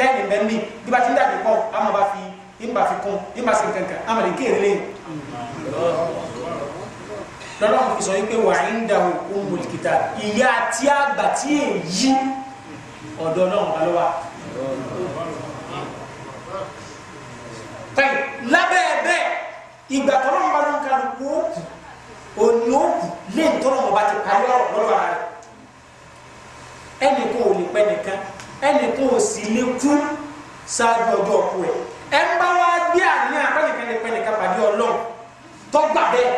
tẹ́ẹ̀nì bẹ́ẹ̀ mi bí bá ti ń dàbí pọ̀ á bá fi ìmọ̀ fi kún ìmọ̀ sí kankan á máa lè kéèrè lẹ́yìn. lọ́lọ́run fi sọ wípé wà á ń da ummul kitab ìyá àti àgbà tí èyí ọ̀dọ̀ ọlọ́run bá ló wà. tẹ́lẹ̀ lábẹ́ ẹ̀bẹ́ ìgbà tọ́lọ́run bá ló ń kálukú òní ó kù lẹ́yìn tọ́lọ́run bá ti parí ọ̀rọ̀ lọ́wọ́ rẹ̀ ẹnì kan ò lè pẹ́ nìkan ẹnìkan ò sì lè kú ṣáájú ọjọ́ ọkọ ẹ̀ ẹ̀ ń bá wá gbé àníyàn pẹ́nìkanìkan pàdé ọlọ́run tọ́gbà bẹ́ẹ̀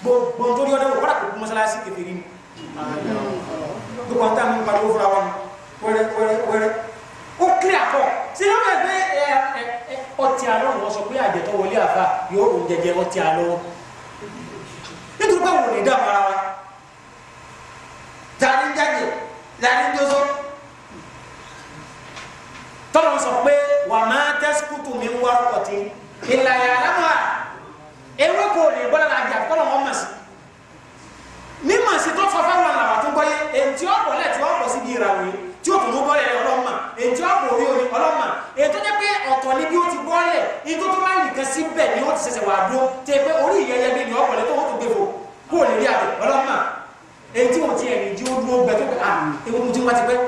gbogbo nítorí ọdẹ wò kọ́dà kò kú mọ́sálásí kékeré ni gbogbo àwọn táwọn ń pariwo fúnra wọn wẹ́rẹ́ wẹ́rẹ́ wẹ́rẹ́ ó kílẹ̀ àpọ̀ sí ló rẹ̀ pé ọtí alọ́ wọn sọ pé àjẹtọ́ wọlé àfa yóò rò jẹjẹ ọtí alọ́ nítorí pé àwọn ò ní dá ara wa tani jáde tani tó sọ tọ́lọ̀ sọ pé wà máa tẹ́síkútù mi ń wá ọ̀tí ìlànà àdámọ́ à ewé kò lè bọ́lá la jà kọ́lọ̀ wọn mọ̀ sí mímọ̀ sí tó sọ fáwọn làwọn tó ń gbọ́yé ètí ọ̀pọ̀ lẹ̀ tí wọ́n pọ̀ sí bí ìràwọ̀ tí o tún mú bọ́ọ̀lù ẹ̀rọ ọlọ́mà ètò àpò orí omi ọlọ́mà ètò jẹ́ pé ọ̀tọ̀ ni bí o ti bọ́ọ̀lù ètò tó máa ń nìkan síbẹ̀ ni o ti ṣẹ̀ṣẹ̀ wà dúró tẹ pé orí ìyẹyẹ mi ni ọ̀pọ̀lẹ́ tó ń tó gbèfò kó o lè rí àbẹ̀ ọlọ́mà ètò ò tiẹ̀ jí o dúró gbẹ tó pé à ewu ti wá ti pẹ́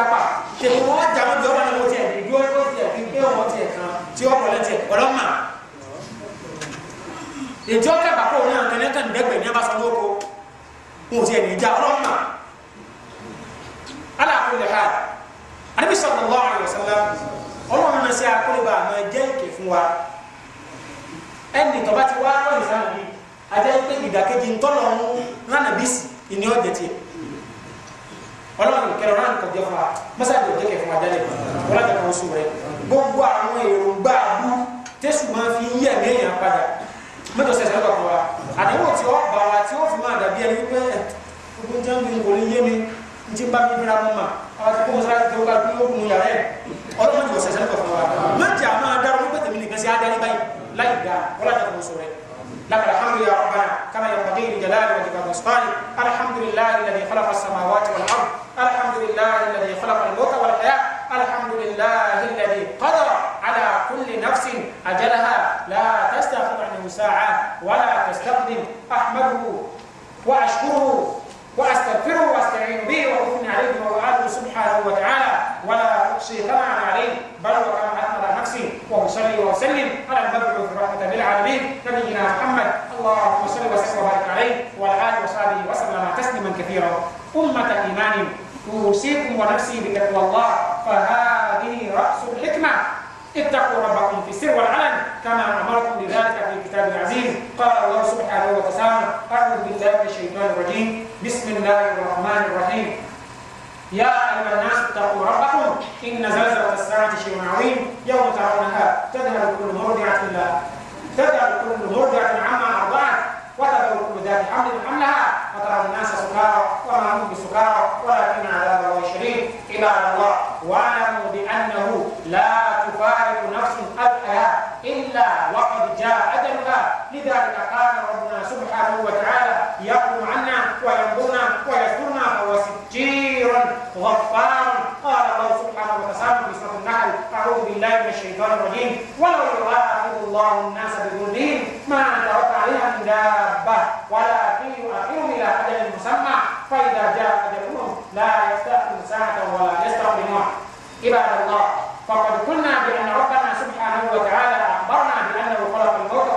a pa èjì ọkẹ bàbá òun náà kẹlẹ kàn dẹgbẹ ní abasọ lóko wọn ò tiẹ̀ ní ìjà ọlọmọ alákùnrin ha Ànábì sallallahu alaihi wasallam Ọlọ́run náà ṣe àkórìbà àmọ́ jẹ ìkẹ́ fún wa ẹnì tọba ti wá lọ ìsàn mi ajá pé ìdàkejì ńtọ́nà ọ̀hún lánàá bí sì ìní ọ̀jẹ̀ tiẹ̀ Ọlọ́run kẹrọ náà kò jẹ fún wa mọ́sáàdì òjẹ́ mẹ́tọ̀ sẹ̀sẹ̀ lọ́kàn wa àdéhùn tí wọ́n bá wa tí wọ́n fi máa dàbí ẹni wípé eh, gbogbo jẹ́ mi kò ní yé mi n ti bá mi bíra mọ́ ma àwọn àti kókò sára tó ká kú yóò kún yàrá ẹ̀ ọlọ́run ti wọ̀ sẹ̀sẹ̀ lọ́kàn fún wa méjì a máa dára wípé tèmi nìkan sí adarí báyìí láì dáa wọ́n láti kò sọ̀rọ̀ لك الحمد يا ربنا كما ينبغي لله الذي خلق الموت والحياه الحمد لله وأشكره وأستغفره وأستعين به وأثني عليه بموعده سبحانه وتعالى ولا أقصي ثمعا عليه بل على نفسي وأصلي وأسلم على المبعوث رحمة للعالمين نبينا محمد اللهم صل وسلم وبارك عليه وعلى آله وصحبه وسلم تسليما كثيرا أمة إيمان أوصيكم ونفسي بتقوى الله فهذه رأس الحكمة اتقوا ربكم في السر والعلن كما أمركم بذلك في الكتاب العزيز قال الله سبحانه وتعالى الله الشيطان الرجيم بسم الله الرحمن الرحيم يا أيها الناس اتقوا ربكم إن زلزلة الساعة شيء عظيم يوم ترونها تذهب كل مرضعة إلا تذهب كل مرضعة عما أرضعت وتذهب كل ذات حمل حملها وترى الناس سكارى وما هم بسكارى ولكن عذاب الله شديد عباد الله واعلموا بأنه لا yu'akhidullahu an-nasa ma tarak 'alaiha min dabbah wa la yu'akhidhum ila ajalin musamma fa idza la yastaqim sa'ata wa la yastaqim bi anna rabbana subhanahu wa ta'ala bi annahu khalaqa al-mauta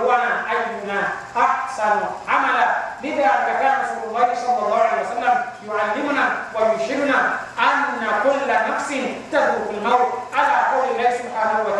wal ayyuna ahsanu amala lidzalika kana rasulullah sallallahu alaihi wasallam yu'allimuna anna kulla nafsin tadhuqu al ala qawli allah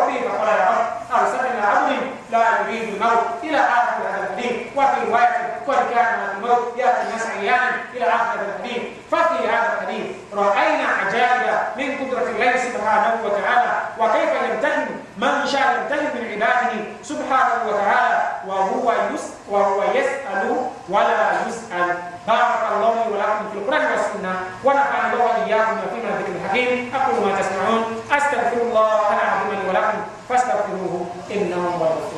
يأتي مسعيان إلى آخر الحديث ففي هذا الحديث رأينا عجائب من قدرة الله سبحانه وتعالى وكيف يمتن من شاء يمتن من عباده سبحانه وتعالى وهو يس وهو يسأل ولا يسأل بارك الله لي ولكم في القرآن والسنة ونفعنا الله وإياكم وفينا ذكر الحكيم أقول ما تسمعون أستغفر الله العظيم لي ولكم فاستغفروه إنه هو الغفور